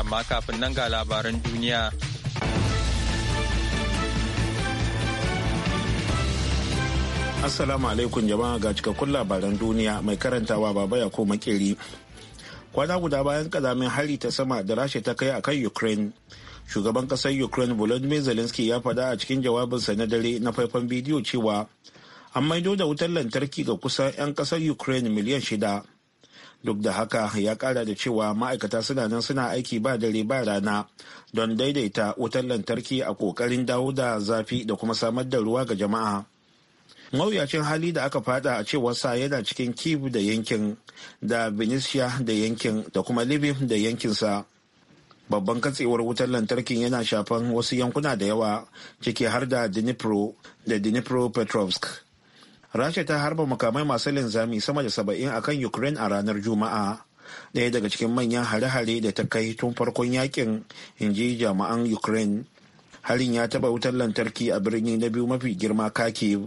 amma kafin nan ga labaran duniya. Assalamu alaikum jama'a ga cikakkun labaran duniya mai karantawa baba ya koma-kiri Kwana guda bayan kazamin hari ta sama da rasha ta kai akan Ukraine. Shugaban kasar Ukraine Volodymyr Zelensky ya faɗa a cikin jawabinsa na dare na faifan bidiyo cewa an maido da wutar lantarki ga kusan 'yan kasar Ukraine miliyan shida. duk da haka ya kara da cewa ma'aikata suna nan suna aiki ba dare ba rana don daidaita wutar lantarki a kokarin dawo da zafi da kuma samar da ruwa ga jama'a mawuyacin hali da aka fada a cewar sa yana cikin kibu da yankin da benicia da yankin da kuma libya da yankinsa babban katsewar wutar lantarkin yana shafan wasu yankuna da yawa ciki har da dnipro da dnipropetrovsk rasha ta harba makamai masu linzami sama da saba'in akan ukraine a ranar juma'a ɗaya daga cikin manyan hare-hare da ta kai tun farkon yakin inji jami'an ukraine harin ya taɓa wutar lantarki a birni na biyu mafi girma kake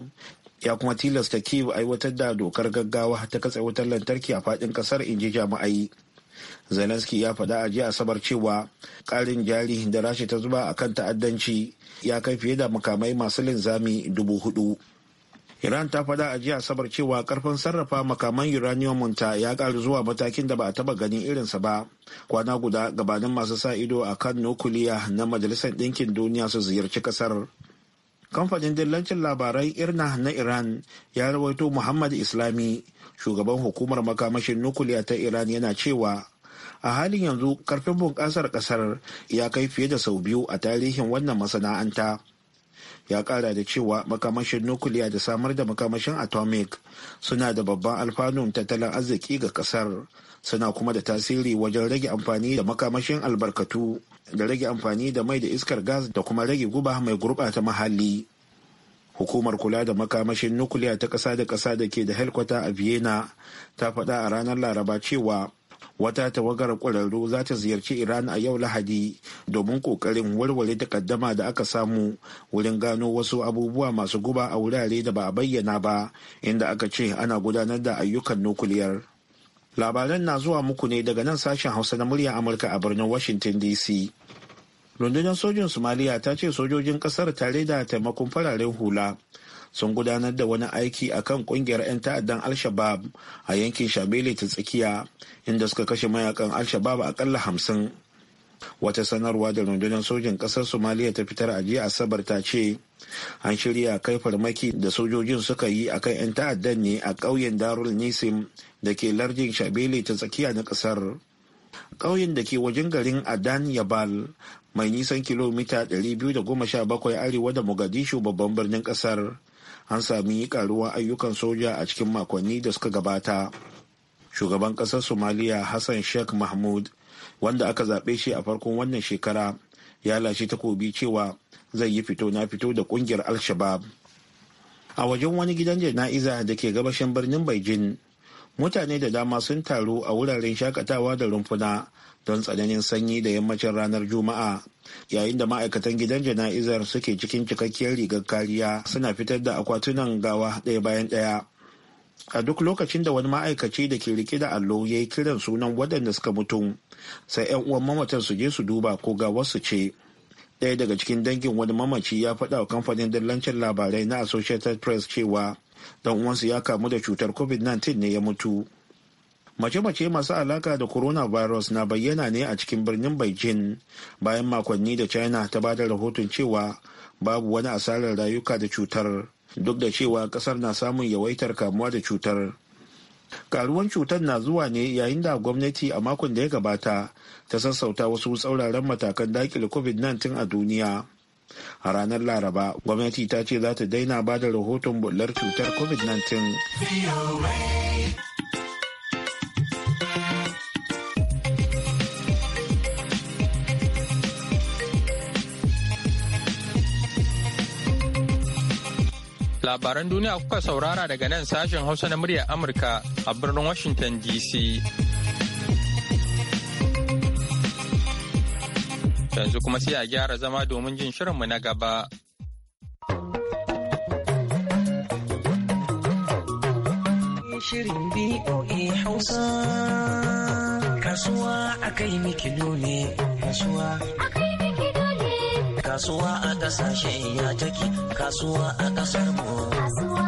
ya kuma tilasta kiev aiwatar da dokar gaggawa ta katse wutar lantarki a faɗin ƙasar inji jami'ai zelensky ya faɗa a jiya asabar cewa ƙarin jari da rasha ta zuba a kan ta'addanci ya kai fiye da makamai masu linzami dubu hudu Iran ta faɗa a jiya Asabar cewa karfin sarrafa makaman uranium ta ya ƙaru zuwa matakin da ba a taɓa ganin irinsa ba. Kwana guda gabanin masu sa ido a kan nukuliya na Majalisar Ɗinkin Duniya su ziyarci ƙasar. Kamfanin dillancin labarai Irna na Iran ya rawaito Muhammad Islami, shugaban hukumar makamashin nukuliya ta Iran yana cewa a halin yanzu karfin bunƙasar ƙasar ya kai fiye da sau biyu a tarihin wannan masana'anta. ya kara da cewa makamashin nukuliya da samar da makamashin atomic suna da babban alfanun tattalin arziki ga kasar suna kuma da tasiri wajen rage amfani da makamashin albarkatu da rage amfani da mai da iskar gas da kuma rage guba mai gurɓata mahalli hukumar kula da makamashin nukuliya ta ƙasa da ƙasa da ke da helkwata a vienna ta faɗa a ranar laraba cewa Wata tawagar ƙwararru za ta ziyarci Iran a yau Lahadi domin ƙoƙarin warware takaddama da aka samu wurin gano wasu abubuwa masu guba a wurare da ba a bayyana ba inda aka ce ana gudanar da ayyukan nukuliyar. Labaran na zuwa muku ne daga nan sashen Hausa na murya Amurka a birnin Washington DC. rundunar sojin somaliya ta ce sojojin kasar tare da taimakon fararen hula sun gudanar da wani aiki a kan kungiyar 'yan ta'addan al-shabab a yankin shabele ta tsakiya inda suka kashe mayakan al-shabab akalla hamsin wata sanarwa da rundunar sojin kasar somaliya ta fitar a jiya asabar ta ce an shirya kai farmaki da sojojin suka yi a kan 'yan ta'addan ne a ƙauyen darul nisim da ke lardin shabele ta tsakiya na ƙasar ƙauyen da ke wajen garin adan yabal mai nisan kilomita 217 arewa da mogadishu babban birnin ƙasar an sami karuwar ayyukan soja a cikin makonni da suka gabata shugaban kasar somaliya hassan sheikh mahmud wanda aka zaɓe shi a farkon wannan shekara ya lashe takobi cewa zai yi fito na fito da kungiyar al-shabab a wajen wani gidan jana'iza da ke gabashin birnin beijing mutane da dama sun taru a wuraren shakatawa da rumfuna don tsananin sanyi da yammacin ranar juma'a yayin da ma'aikatan gidan jana'izar suke cikin cikakkiyar rigar kariya suna fitar da akwatunan gawa ɗaya bayan ɗaya a duk lokacin da wani ma'aikaci da ke rike da allo ya yi kiran sunan waɗanda suka mutu sai 'yan uwan mamatan su je su duba ko ga wasu ce ɗaya daga cikin dangin wani mamaci ya faɗa wa kamfanin dillancin labarai na associated press cewa dan uwansu ya kamu da cutar covid-19 ne ya mutu mace-mace masu alaka da coronavirus na bayyana ne a cikin birnin beijing bayan makonni da china ta ba da rahoton cewa babu wani asarar rayuka da cutar duk da cewa kasar na samun yawaitar kamuwa da cutar karuwan cutar na zuwa ne yayin da gwamnati a makon da ya gabata ta sassauta wasu tsauraran matakan dakile covid-19 a duniya a ranar laraba gwamnati ta ce za ta daina ba da rahoton bullar cutar covid-19 labaran duniya kuka saurara daga nan sashen hausa na muryar amurka a birnin washington dc Yanzu kuma sai a gyara zama domin jin shirinmu na gaba. Shirin BOA Hausa Kasuwa a kai mikido ne Kasuwa Kasuwa a kasashen ya take Kasuwa a kasar mu Kasuwa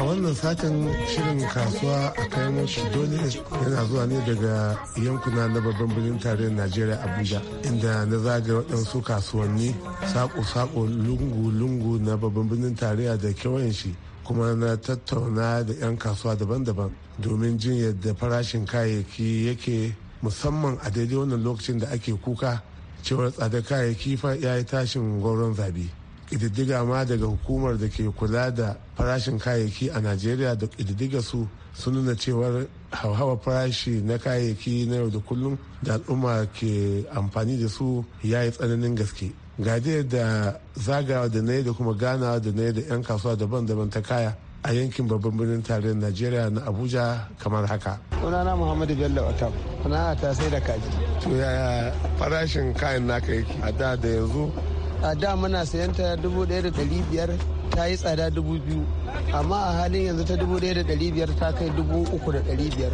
a wannan satin shirin kasuwa a kayan wasu dole yana zuwa ne daga yankuna na babban birnin tarayyar najeriya abuja inda na zaga waɗansu kasuwanni sako-sako lungu-lungu na babban birnin tarayya da kewayen shi kuma na tattauna da 'yan kasuwa daban-daban domin jin yadda farashin kayayyaki yake musamman a daidai wannan lokacin da ake kuka cewar tsada kayayyaki fa ya yi tashin gwauron zabi ƙididdiga ma daga hukumar da ke kula da farashin kayayyaki a najeriya da ƙididdiga su sun nuna cewar hauhawar farashi na kayayyaki na yau da kullum da al'umma ke amfani da su ya yi tsananin gaske ga da zagawa da na da kuma ganawa da na da 'yan kasuwa daban-daban ta kaya a yankin babban birnin tarayyar najeriya na abuja kamar haka sunana muhammadu bello otam sana'a ta sai da kaji to yaya farashin kayan naka yake a da yanzu a da muna sayan ta dubu ɗaya da ɗari biyar ta yi tsada dubu biyu amma a halin yanzu ta dubu ɗaya da ɗari biyar ta kai dubu uku da ɗari biyar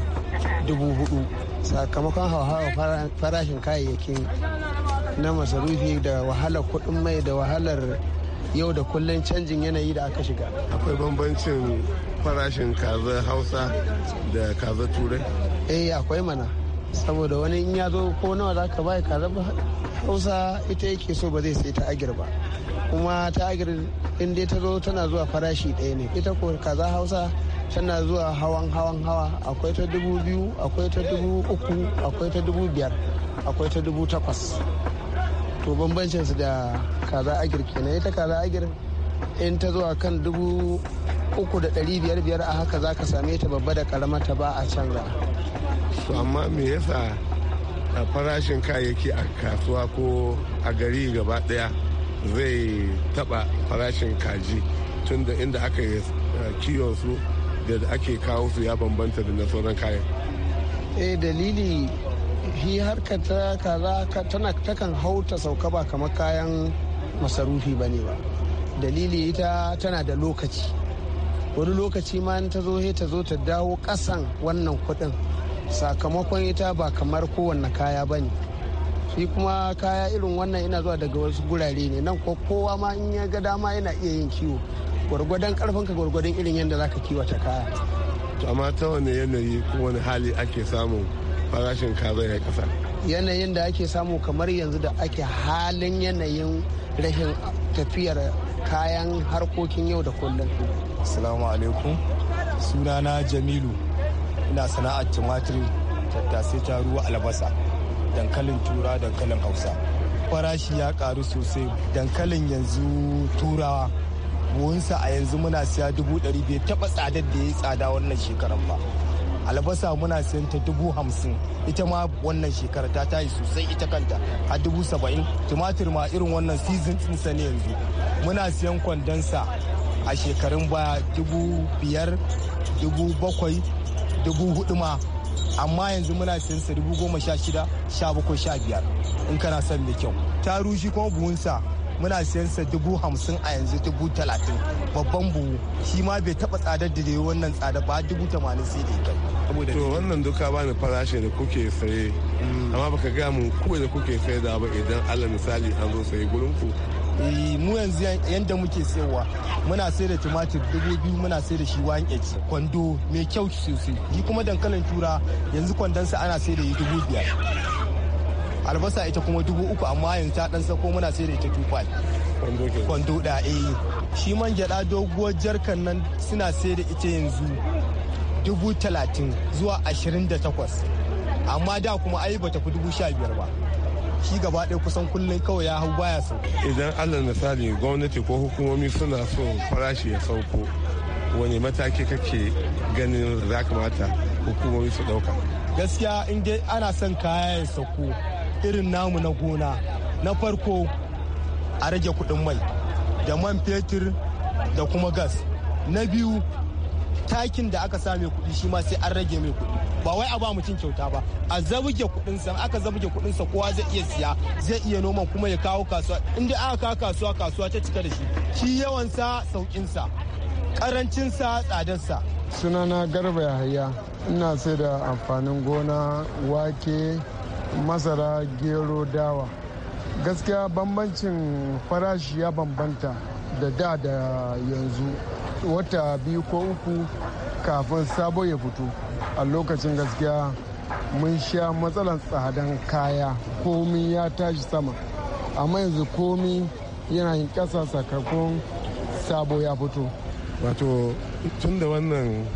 dubu hudu sakamakon hauhawar farashin kayayyakin na masarufi da wahalar kuɗin mai da wahalar yau da kullum canjin yanayi da aka shiga akwai bambancin farashin kaza hausa da kaza turai eh akwai mana saboda wani in ya zo ko nawa za ka bai kaza ba hausa ita yake so ba zai sai ta agir ba kuma ta agir in dai ta zo tana zuwa farashi ɗaya ne ita ko kaza hausa tana zuwa hawan hawan hawa akwai ta dubu biyu akwai ta dubu uku akwai ta dubu biyar akwai ta dubu takwas to bambancin su da kaza agir kenan ita kaza agir in ta zuwa kan dubu uku da ɗari biyar biyar a haka za ka same ta babba da karama ta ba a canza. su amma me yasa a farashin kayayyaki a kasuwa ko a gari gaba ɗaya zai taɓa farashin kaji tun da inda aka yi eh, su da ake kawo su ya bambanta da na sauran kayan. eh dalili shi harkar ta kaza takan hau ta sauka ba kamar kayan masarufi ba ne ba dalili ita tana da lokaci wani lokaci ma ta zo ta zo ta dawo kasan wannan kuɗin sakamakon ita ba kamar kowanne kaya ba ne shi kuma kaya irin wannan ina zuwa daga wasu gurare ne nan ko kowa ma in ya ga dama yana iya yin kiwo gwargwadon karfinka gwargwadon irin yadda za ka kiwata kaya to amma ta wani yanayi ko wani hali ake samun farashin kaza ya kasa yanayin da ake samu kamar yanzu da ake halin yanayin rashin tafiyar kayan harkokin yau da kullum. Assalamu alaikum. Sunana Jamilu. Ina sana'ar tumatir, tattasai ta ruwa albasa, dankalin tura, dankalin hausa. Farashi ya karu sosai. Dankalin yanzu turawa. Buhunsa a yanzu muna siya dubu ɗari bai taɓa tsadar da ya yi tsada wannan shekaran ba. albasa muna siyan ta dubu hamsin ita ma wannan shekara ta tayi sosai ita kanta a dubu saba'in tumatir ma irin wannan season sa ne yanzu muna siyan kwandonsa a shekarun baya dubu biyar dubu bakwai dubu hudu ma amma yanzu muna siyan sa dubu goma sha shida sha bakwai sha biyar in kana son mai kyau ta rushi kuma buhunsa muna siyan sa dubu hamsin a yanzu dubu talatin babban buhu shi ma bai taba tsadar da dai wannan tsada ba dubu tamanin sai da kai. to wannan duka bani farashi da kuke saye mm. amma baka gaya mu kuwa da kuke saye da ba idan allah misali an zo saye gurin ku eh, mu yanzu yadda muke sayarwa muna sai da tumatir dubu biyu muna sai da shi one kwando mai kyau sosai ni kuma dankalin tura yanzu kwandonsa ana sai da dubu biyar albasa ita kuma dubu uku amma yanzu ta dan sako muna sai da ita tufai kwando da yi. Eh. shi man gyada doguwar jarkan nan suna sai da ita yanzu dubu talatin zuwa ashirin da takwas amma da kuma ai bata fi dubu sha biyar ba shi gaba ɗaya kusan kullum kawai ya hau baya sau idan allah misali gwamnati ko hukumomi suna so farashi ya sauko wani mataki kake ganin za kamata hukumomi su ɗauka gaskiya in dai ana son kaya ya sauko irin namu na gona na farko a rage kudin mai da man fetur da kuma gas na biyu takin da aka same kuɗi shi ma sai an rage mai kuɗi ba wai a ba mutum kyauta ba a zabuge kudin sa aka zabuge kudin sa kowa zai iya siya zai iya noma kuma ya kawo kasuwa inda aka kawo kasuwa kasuwa ta cika da shi shi yawan sa saukin sa karancin sa tsadar sa sunana garba yahaya ina sai da amfanin gona wake masara gero dawa gaskiya bambancin farashi ya bambanta da da da yanzu wata biyu ko uku kafin sabo ya fito a lokacin gaskiya mun sha matsalar tsadan kaya komi ya tashi sama amma yanzu komi yana yin ƙasa sakamakon sabo ya fito wato tun da wannan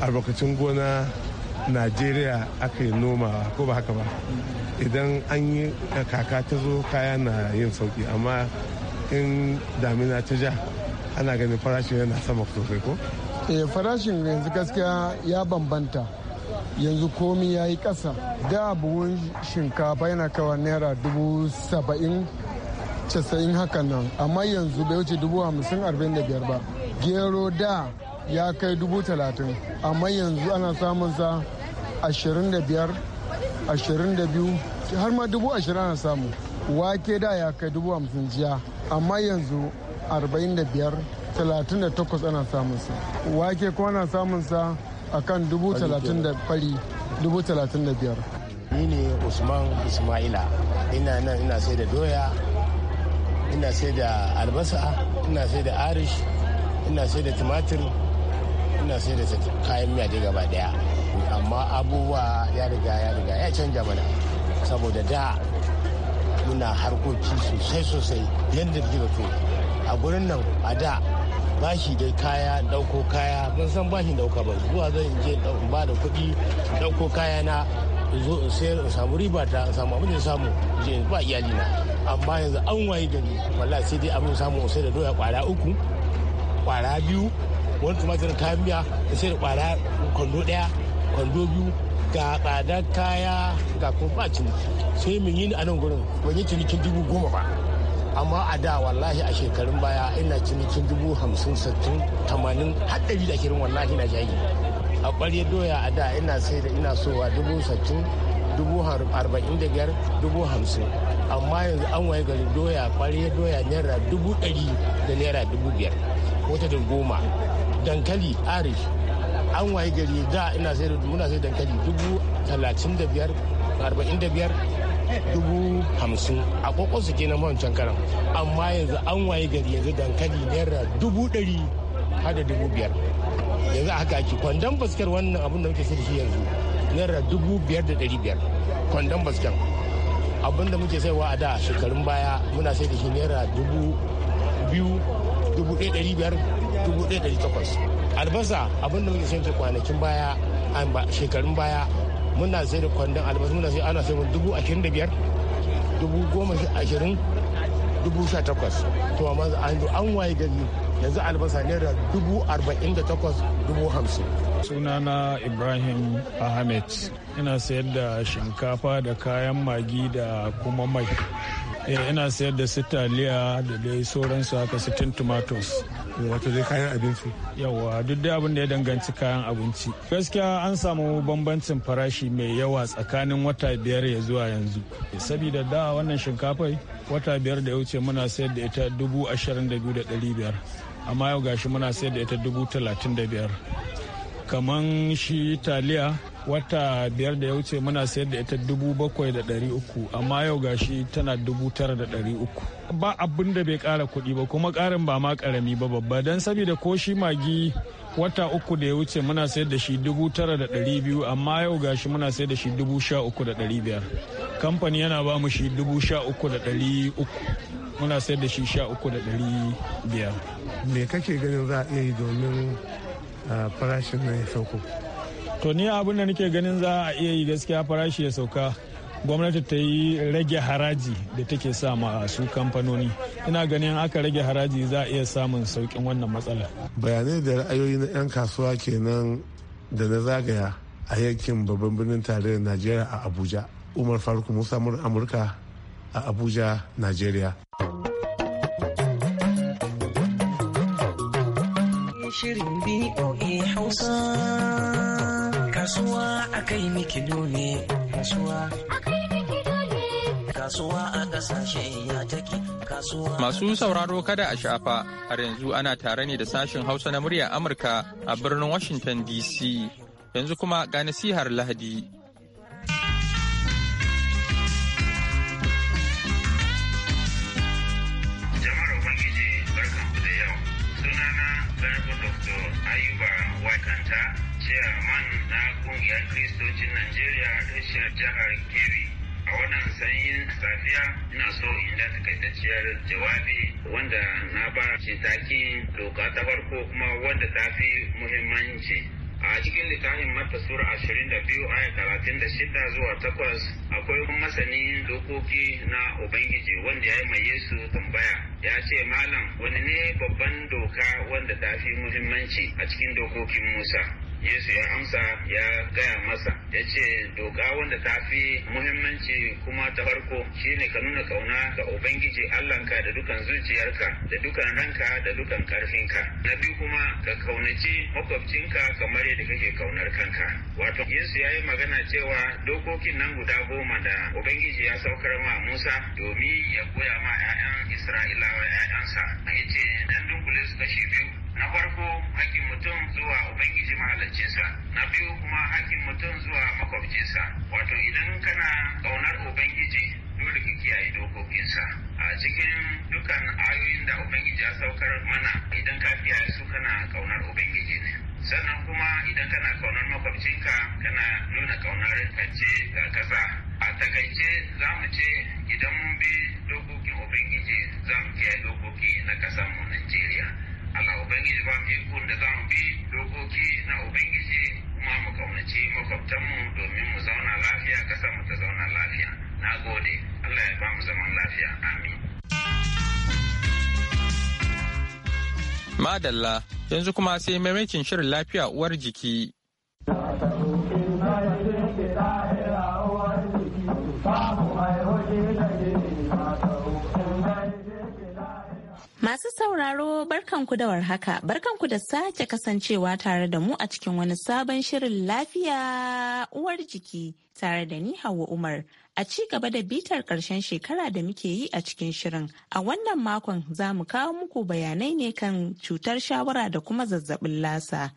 albarkacin gona najeriya aka yi noma ko ba haka ba idan an yi kaka ta zo kaya na yin sauki amma in damina ta ja ana ganin farashin yana sama sosai ko eh farashin yanzu gaskiya ya bambanta yanzu komi ya yi ƙasa da buhun shinkafa yana kawa naira dubu saba'in casa'in hakan nan amma yanzu bai wuce dubu hamsin arba'in da biyar ba gero da ya kai dubu talatin amma yanzu ana samun sa ashirin da biyar ashirin da biyu har ma dubu ashirin ana samu wake da ya kai dubu hamsin jiya amma yanzu arba'in da biyar talatin da takwas ana samun sa wake kuma ana samun sa a kan dubu talatin da fari dubu talatin da biyar ni ne usman ismaila ina nan ina sai da doya ina sai da albasa ina sai da arish ina sai da tumatir ina sai da kayan miya dai gaba daya amma abubuwa ya riga ya riga ya canja mana saboda da muna harkoki sosai sosai yadda kika to a gurin nan a da ba shi dai kaya dauko kaya ban san ba shi dauka ba zuwa zan je ba da kuɗi dauko kaya na zo in sayar samu riba ta samu abin da samu je ba iyali na amma yanzu an waye ni wallahi sai dai abin samu sai da doya kwara uku kwara biyu wani tumatir kayan miya da sai da kwara kwando daya kwando biyu ga tsadar kaya ga kuma cini sai mun yi a nan gurin wani yi cinikin dubu goma ba amma a da wallahi a shekarun baya ina cinikin dubu hamsin sittin tamanin haɗari da kirin wallahi na jayi a ƙwarya doya a da ina sai da ina sowa dubu sittin dubu arba'in da biyar dubu hamsin amma yanzu an waye gari doya ƙwarya doya naira dubu ɗari da naira dubu biyar wata da goma dankali arish an waye gari da ina sai da muna sai dankali dubu talatin da biyar arba'in da biyar dubu hamsin a ke kenan wancan karan amma yanzu an waye gari yanzu dankali naira dubu dari har da dubu biyar yanzu a haka ake kwandon baskar wannan abin da muke sai da shi yanzu naira dubu biyar da dari biyar kwandon baskar abin da muke saiwa a da shekarun baya muna sai da shi naira dubu biyu dubu ɗaya ɗari biyar 1,800 albasa abin da muke sayanta kwanakin baya shekarun baya muna sayar da kwandon albasa muna sai ana sai dubu ashirin da biyar dubu goma ashirin dubu sha takwas to amma an waye gani yanzu albasa naira dubu arba'in da takwas dubu hamsin sunana ibrahim ahmed ina sayar da shinkafa da kayan magi da kuma mai Eh, ina sayar da su taliya da dai sauransu haka su tin tomatoes wato dai kayan abinci yawa duk da abin da ya danganci kayan abinci gaskiya an samu bambancin farashi mai yawa tsakanin wata biyar ya zuwa yanzu saboda da wannan shinkafai wata biyar da ya wuce muna sayar da ita dubu ashirin da biyu da ɗari biyar amma yau gashi muna sayar da ita dubu talatin da biyar kaman shi taliya wata biyar da ya wuce muna sayar da ita dubu bakwai da ɗari uku amma yau gashi tana dubu tara da ɗari uku ba abin da bai ƙara kuɗi ba kuma ƙarin ba ma ƙarami ba babba don saboda ko shi magi wata uku da ya wuce muna sayar da shi dubu tara da ɗari biyu amma yau gashi muna sayar da shi dubu sha uku da ɗari biyar kamfani yana ba mu shi dubu sha uku da ɗari uku muna sayar da shi sha uku da ɗari biyar me kake ganin za a iya yi domin ah, farashin nan ya sauko to ni abin da nake ganin za a iya yi gaskiya farashi ya sauka gwamnati ta yi rage haraji da take sa ma su kamfanoni ina ganin aka rage haraji za a iya samun saukin wannan matsala bayanai da ra'ayoyi na 'yan kasuwa kenan da na zagaya a yankin babban birnin tarayyar najeriya a abuja umar faruk musa amurka a abuja najeriya shirin boa hausa kai mikido ne kasuwa kasuwa a kasashe ya take kasuwa masu sauraro kada a shafa har yanzu ana tare ne da sashen hausa na murya amurka a birnin washington dc yanzu kuma ga nasihar lahadi ayuba wakanta chairman na kungiyar Kristi. jihar Kebbi. A wannan sanyin safiya ina so in da takaitacciyar jawabi wanda na ba shi takin doka ta farko kuma wanda ta fi muhimmanci. a cikin littafin mata sura ashirin da biyu aya talatin da shida zuwa takwas akwai masani dokoki na ubangiji wanda ya yi mai yesu tambaya ya ce malam wani ne babban doka wanda ta fi muhimmanci a cikin dokokin musa yesu ya amsa ya gaya masa ya ce doka wanda ta fi muhimmanci kuma ta farko shine ka nuna kauna ga ubangiji allahnka da dukan zuciyarka da dukan ranka da dukan karfinka na biyu kuma ka kaunaci makwabcinka kamar yadda kake kaunar kanka wato yesu ya yi magana cewa dokokin nan guda goma da ubangiji ya saukar ma musa domin ya koya ma 'ya'yan isra'ilawa 'ya'yansa ya ce dan dunkule su kashi biyu na farko hakkin mutum zuwa ubangiji mahalarcinsa na biyu kuma hakkin mutum zuwa makwabcinsa wato idan kana ƙaunar ubangiji dole ka kiyaye dokokinsa a cikin dukkan ayoyin da ubangiji ya saukar mana idan ka kiyaye su kana ƙaunar ubangiji ne sannan kuma idan kana ƙaunar makwabcinka kana nuna ƙaunar kace ga kasa. a takaice za mu ce idan mun bi dokokin ubangiji za mu kiyaye dokoki na ƙasar mu najeriya Allah Ubangiji ba mu iko da za mu bi dokoki na Ubangiji kuma mu kaunaci mu domin mu zauna lafiya kasa mu ta zauna lafiya. Na gode, Allah ya ba mu zaman lafiya. Amin. Madalla, yanzu kuma sai maimakin shirin lafiya uwar jiki Masu sauraro barkanku da warhaka, barkanku da sake kasancewa tare da mu a cikin wani sabon shirin lafiya uwar jiki tare da ni Hauwa Umar. A ci gaba da bitar ƙarshen shekara da muke yi a cikin shirin, a wannan makon za mu kawo muku bayanai ne kan cutar shawara da kuma zazzabin lasa.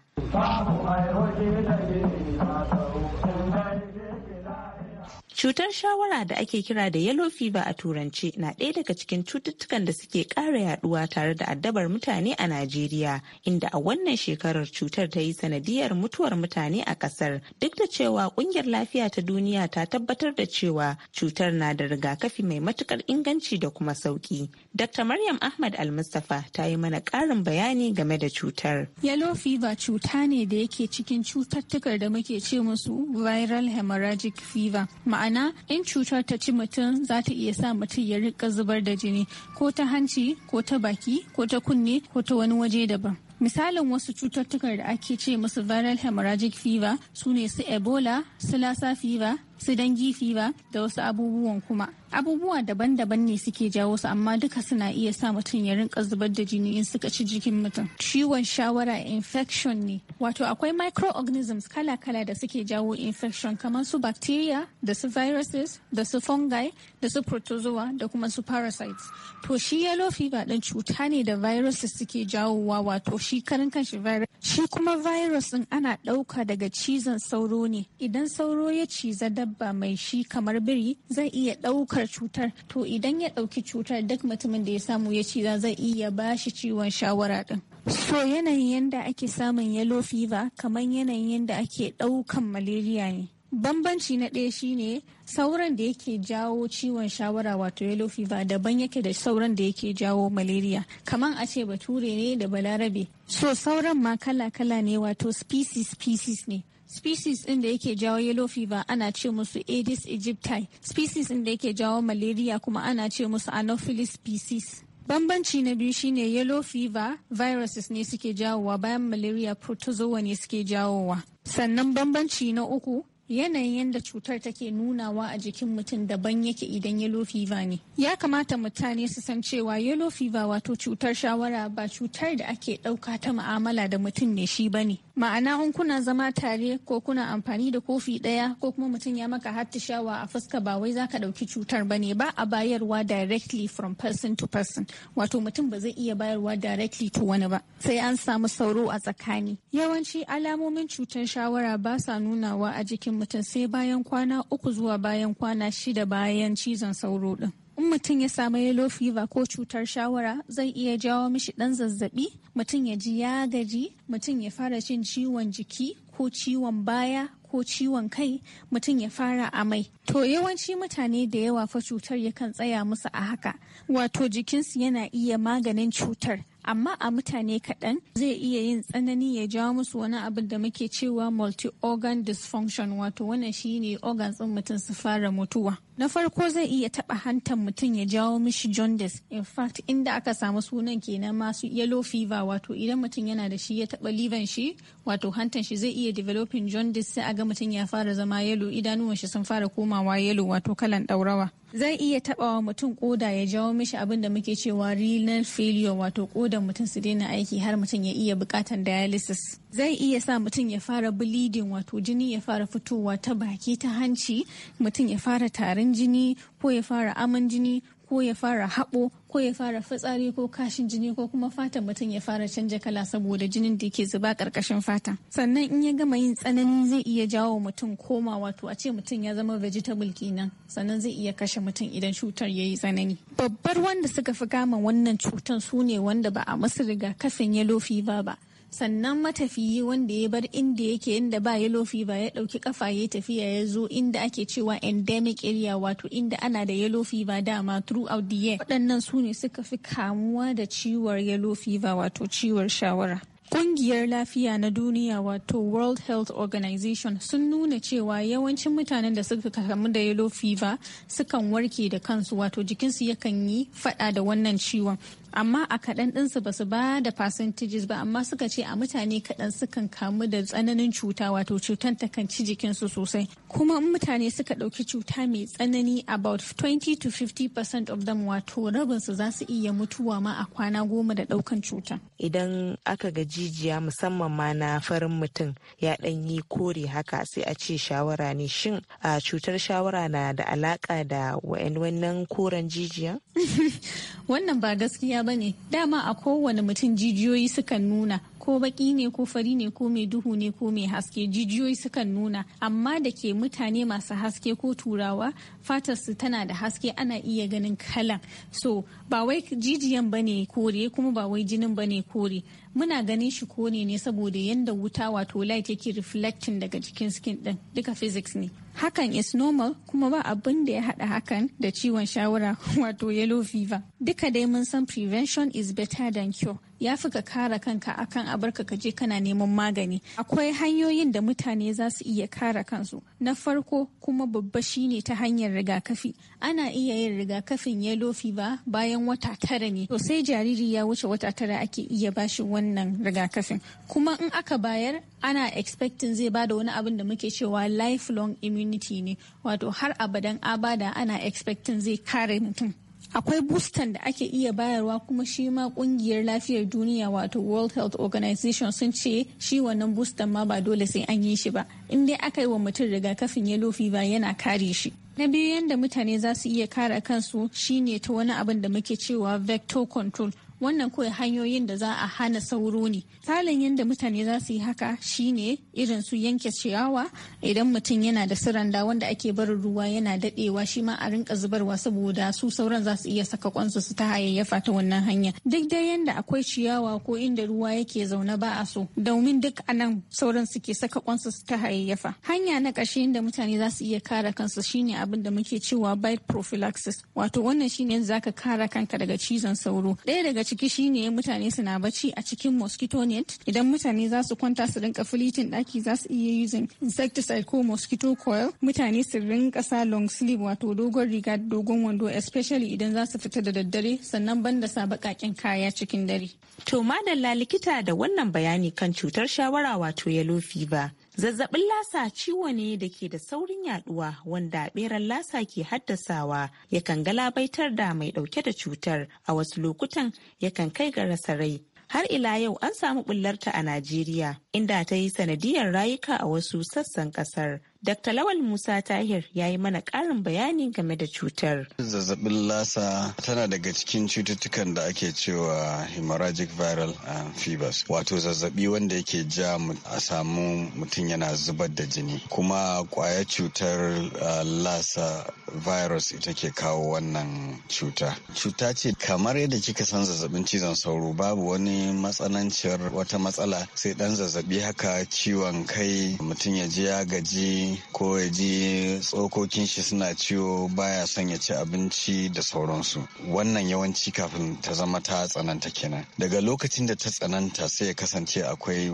Cutar shawara da ake kira da yellow fever a turance na ɗaya daga cikin cututtukan da suke ƙara yaduwa tare da addabar mutane a Najeriya, inda a wannan shekarar cutar ta yi sanadiyar mutuwar mutane a ƙasar. Duk da cewa ƙungiyar lafiya ta duniya ta tabbatar da cewa cutar na da rigakafi mai matukar inganci da kuma sauƙi, Dr. Maryam Ahmad al mustafa ta yi mana ƙarin bayani game da cutar. Yellow fever cuta ne da yake cikin cututtukar da muke ce musu viral hemorrhagic fever. ma'ana in cutar ta ci mutum za ta iya sa mutum ya rika zubar da jini ko ta hanci ko ta baki ko ta kunne ko ta wani waje daban Misalin wasu cututtukan da ake ce musu viral hemorrhagic fever su ne su Ebola, su Lassa fever, su dangi fever da wasu abubuwan kuma. Abubuwa daban-daban ne suke jawo su amma duka suna iya sa mutum ya rinka zubar da jini in suka ci jikin mutum. Ciwon shawara infection ne. Wato akwai microorganisms kala-kala da suke jawo infection kamar su bacteria da su viruses da su fungi da su protozoa da kuma su parasites. To shi yellow fever ɗin cuta ne da viruses suke jawowa wato shi karan kanshi virus shi kuma virus din ana ɗauka daga cizon sauro ne idan sauro ya ciza dabba mai shi kamar biri zai iya ɗaukar cutar to idan ya ɗauki cutar duk mutumin da ya samu ya ciza zai iya bashi ciwon shawara din so yanayin yadda ake samun yellow fever kamar yanayin yadda ake ɗaukan malaria ne bambanci na ɗaya shine sauran da yake jawo ciwon shawara wato yellow fever daban yake da sauran da yake jawo malaria kaman a ce bature ne da balarabe so sauran ma kala-kala ne wato species species ne species ɗin da yake jawo yellow fever ana ce musu aedes aegypti species ɗin da yake jawo malaria kuma ana ce musu anopheles species Bambanci na biyu shine yellow fever viruses ne suke jawowa bayan malaria protozoa ne suke jawowa. Sannan bambanci na uku yanayin yadda cutar take nunawa a jikin mutum daban yake idan yellow fever ne ya kamata mutane su san cewa yellow fever wato cutar shawara ba cutar da ake ɗauka ta ma'amala da mutum ne shi bane ma'ana in kuna zama tare ko kuna amfani da kofi ɗaya ko kuma mutum ya maka hattishawa a fuska ba wai zaka ɗauki cutar bane ba a bayarwa directly from person to person wato mutum ba zai iya bayarwa directly to wani ba sai an samu sauro a tsakani yawanci alamomin cutar shawara ba sa nunawa a jikin mutum sai bayan kwana uku zuwa bayan kwana shida bayan cizon sauro din. in mutum ya samu yellow fever ko cutar shawara zai iya jawo mishi dan zazzabi mutum ya ji ya gaji mutum ya fara jin ciwon jiki ko ciwon baya ko ciwon kai mutum ya fara amai to yawanci mutane da yawa fa cutar yakan tsaya musu a haka wato jikinsu yana iya maganin cutar amma a mutane kaɗan zai iya yin tsanani ya jawo musu wani abin da muke cewa multi-organ dysfunction wato wannan shine organs ɗin mutum su fara mutuwa. na farko zai iya taɓa hantan mutum ya jawo mishi jaundice in fact inda aka samu sunan kenan masu yellow fever wato idan mutum yana da shi ya taba liver shi wato hantan shi zai iya developing jaundice sai a ga mutum ya fara zama yellow idanuwan shi sun fara komawa yellow wato kalan ɗaurawa zai iya taba wa mutum koda ya jawo mishi abin da muke cewa renal failure wato kodan mutum su daina aiki har mutum ya iya bukatan dialysis zai iya sa mutum ya fara bleeding wato jini ya fara fitowa ta baki ta hanci mutum ya fara tarin zuban jini ko ya fara aman jini ko ya fara haɓo ko ya fara fitsari ko kashin jini ko kuma fatan mutum ya fara canja kala saboda jinin da ke zuba ƙarƙashin fata sannan in ya gama yin tsanani zai iya jawo mutum koma wato a ce mutum ya zama vegetable kenan sannan zai iya kashe mutum idan cutar ya yi tsanani babbar wanda suka fi kama wannan cutar su ne wanda ba a masu rigakafin yellow fever ba sannan matafiyi wanda ya bar inda yake inda ba yellow fever ya dauki kafa ya tafiya ya zo inda ake cewa endemic area wato inda ana da yellow fever dama throughout the year waɗannan su ne suka fi kamuwa da ciwon yellow fever wato ciwon shawara Ƙungiyar lafiya na duniya wato World Health Organization sun nuna cewa yawancin mutanen da suka kamu da yellow fever sukan warke da kansu wato jikinsu yakan yi fada da wannan ciwon amma a kaɗan ɗinsu ba su ba da percentages ba amma suka ce a mutane kaɗan sukan kamu da tsananin cuta wato cutan kan ci jikinsu sosai kuma in mutane suka ɗauki cuta mai tsanani about 20 to 50 percent of them wato rabinsu za su iya mutuwa ma a kwana goma da ɗaukan cuta idan aka ga jijiya musamman ma na farin mutum ya ɗan yi kore haka sai a ce shawara ne shin a cutar shawara na da alaƙa da wannan koren jijiya wannan ba gaskiya ɗaya ba ne dama a kowane mutum jijiyoyi sukan nuna ko baki ne ko fari ne ko mai duhu ne ko mai haske jijiyoyi sukan nuna amma da ke mutane masu haske ko turawa fatar su tana da haske ana iya ganin kalan so ba wai jijiyan ba ne kore kuma ba wai jinin ba ne kore muna ganin shi kone ne saboda yadda wuta wato light yake reflecting daga jikin skin din duka physics ne hakan is normal kuma ba abin da ya hada hakan da ciwon shawara wato yellow fever duka dai mun san prevention is better than cure ya fi ka kara kanka akan abarka ka je kana neman magani akwai hanyoyin da mutane za su iya kare kansu na farko kuma babba shine ta hanyar rigakafi ana iya yin rigakafin yellow fever bayan wata tara ne to sai jariri ya wuce wata tara ake iya bashi wannan wannan rigakafin kuma in aka bayar ana expecting zai bada wani abin da muke cewa lifelong immunity ne wato har abadan abada ana expecting zai kare mutum akwai bustan da ake iya bayarwa kuma shi ma kungiyar lafiyar duniya wato world health organization sun ce shi wannan bustan ma ba dole sai an yi shi ba in dai aka yi wa mutum rigakafin yellow fever yana kare shi na biyu yadda mutane za su iya kare kansu shine ta wani abin da muke cewa vector control wannan kawai hanyoyin da za a hana sauro ne salin yadda mutane za su yi haka shine irin su yanke ciyawa idan mutum yana da siranda wanda ake barin ruwa yana dadewa shi ma a rinka zubarwa saboda su sauran za su iya saka kwansu su ta hayayyafa ta wannan hanya duk dai yadda akwai ciyawa ko inda ruwa yake zaune ba a so domin duk anan sauran suke saka kwansu su ta hayayyafa hanya na ƙarshe yadda mutane za su iya kare kansu shine abin da muke cewa bite prophylaxis wato wannan shine zaka kare kanka daga cizon sauro ɗaya daga ciki shine mutane suna bacci a cikin mosquito net idan mutane za su kwanta su rinka filitin daki za su iya using insecticide ko mosquito coil mutane su rinka sa long sleeve wato dogon riga dogon wando especially idan za su fita da daddare sannan banda sa baƙaƙen kaya cikin dare. To madalla likita da wannan bayani kan cutar shawara wato yellow fever. Zazzabin lasa ciwo ne da ke da saurin yaduwa wanda beran lasa ke haddasawa yakan galabaitar da mai dauke da cutar a wasu lokutan yakan kai ga rasa rai. Har ila yau an samu bullarta a Najeriya inda ta yi sanadiyar rayuka a wasu sassan kasar. Dr. Lawal Musa Tahir ya yi mana ƙarin bayani game da cutar. Zazzabin lasa tana daga cikin cututtukan da ake cewa hemorrhagic viral eh, fevers wato zazzabi wanda yake ja a samu mutum yana zubar da jini kuma ƙwayar cutar eh, lasa virus ita ke kawo wannan cuta. Cuta ce kamar yadda kika san zazzabin cizon sauro babu wani matsananciyar wata matsala sai ɗan zazzabi haka ciwon kai mutum ya ji ya gaji ko ya ji tsokokin shi suna ciwo baya son ya ci abinci da sauransu wannan yawanci kafin ta zama ta tsananta kenan daga lokacin da ta tsananta sai ya kasance akwai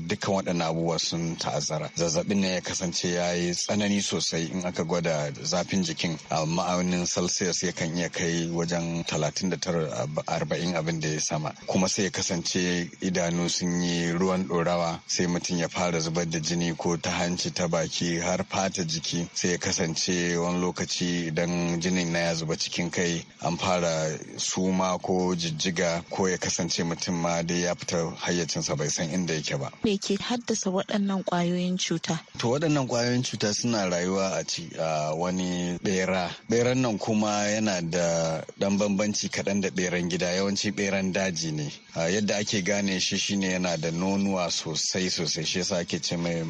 dukkan waɗannan abubuwa sun ta'azzara zazzabin ne ya kasance ya yi tsanani sosai in aka gwada zafin jikin a ma'aunin celsius kan iya kai wajen 39-40 abin da ya sama kuma sai ya kasance idanu sun yi ruwan ɗorawa sai mutum ya fara zubar da jini ko ta hanci ta baki har fata jiki sai ya kasance wani lokaci idan jinin na ya zuba cikin kai an fara suma ko jijjiga ko ya kasance mutum ma dai ya fita hayyacinsa bai san inda yake ba. Me ke haddasa waɗannan ƙwayoyin cuta? To waɗannan ƙwayoyin cuta suna rayuwa a ci a wani ɓera. Ɓeran nan kuma yana da ɗan bambanci kaɗan da ɓeran gida yawanci ɓeran daji ne. Yadda ake gane shi shine yana da nonuwa sosai sosai shi yasa ake ce mai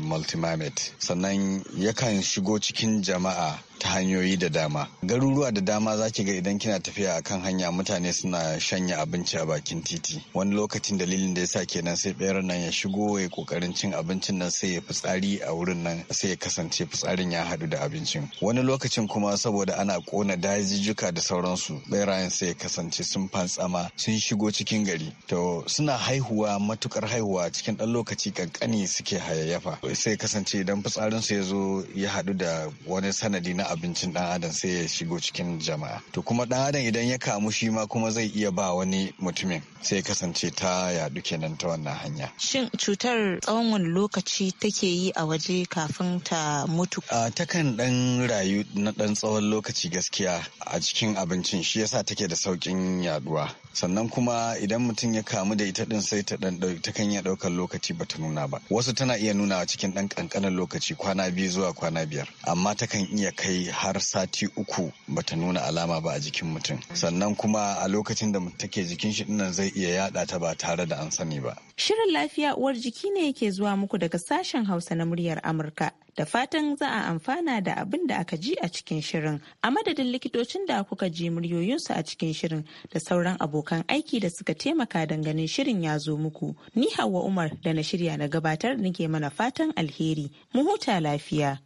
multimamet sannan yakan shigo cikin jama'a ta hanyoyi da dama garuruwa da dama za ki ga idan kina tafiya a kan hanya mutane suna shanya abinci a bakin titi wani lokacin dalilin da ya sa kenan sai ɓeran nan ya shigo ya kokarin cin abincin nan sai ya fitsari a wurin nan sai ya kasance fitsarin ya haɗu da abincin wani lokacin kuma saboda ana ƙona dajijjuka da sauransu ɓerayen sai ya kasance sun fantsama sun shigo cikin gari to suna haihuwa matukar haihuwa cikin ɗan lokaci kankani suke hayayyafa sai kasance idan Tsarin su ya zo ya haɗu da wani sanadi na abincin ɗan adam sai ya shigo cikin jama'a to kuma ɗan adam idan ya kamu shi ma kuma zai iya ba wani mutumin sai kasance ta yaɗu kenan ta wannan hanya shin cutar tsawon wani lokaci take yi a waje kafin ta mutu a takan ɗan rayu na ɗan tsawon lokaci gaskiya a cikin abincin shi yasa take da saukin yaɗuwa sannan kuma idan mutum ya kamu da ita din sai ta dan ta kan iya daukar lokaci bata nuna ba wasu tana iya nuna cikin dan kankanan lokaci kwana biyu zuwa kwana biyar amma ta kan iya kai har sati uku bata nuna alama ba a jikin mutum sannan kuma a lokacin da take jikin shi dinnan zai iya yada ta ba tare da an sani ba shirin lafiya uwar jiki ne yake zuwa muku daga sashen hausa na muryar amurka da fatan za a amfana da abin da aka ji a cikin shirin a madadin likitocin da kuka ji muryoyinsu a cikin shirin da sauran abokan aiki da suka taimaka ganin shirin ya zo muku ni hawa umar da na shirya na gabatar nake mana fatan alheri mu huta lafiya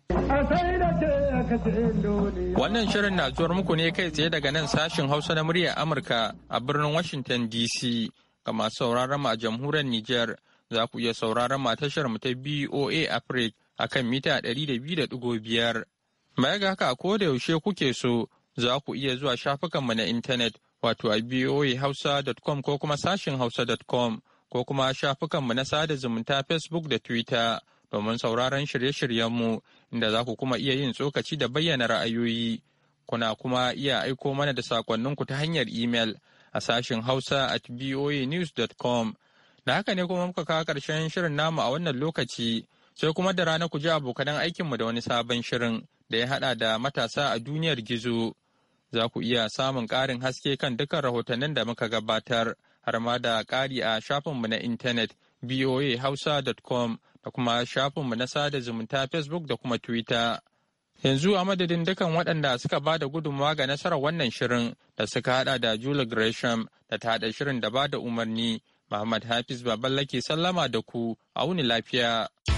wannan shirin na zuwar muku ne kai tsaye daga nan sashin hausa na muryar amurka a birnin washington dc ga masu sauraron mu a jamhuriyar niger za ku iya sauraron mu tashar mu ta boa africa a kan mita 200.5. Baya ga haka ko da yaushe kuke so za ku iya zuwa shafukanmu na intanet wato a voahausa.com ko kuma sashin hausa.com ko kuma shafukanmu na sada zumunta Facebook da Twitter domin sauraron shirye-shiryenmu inda za ku kuma iya yin tsokaci da bayyana ra'ayoyi. Kuna kuma iya aiko mana da sakonninku ta hanyar imel a sashin hausa at voanews.com. Da haka ne kuma muka kawo ƙarshen shirin namu a wannan lokaci. sai kuma da rana ku ji abokanan aikinmu da wani sabon shirin da ya haɗa da matasa a duniyar gizo. Za ku iya samun ƙarin haske kan dukkan rahotannin da muka gabatar har ma da ƙari a shafinmu na intanet voahausa.com da kuma shafinmu na sada zumunta Facebook da kuma Twitter. Yanzu a madadin dukkan waɗanda suka ba da gudunmawa ga nasarar wannan shirin da suka haɗa da Julie Gresham da ta haɗa shirin da ba da umarni, Muhammad Hafiz Baballake sallama da ku, auni lafiya.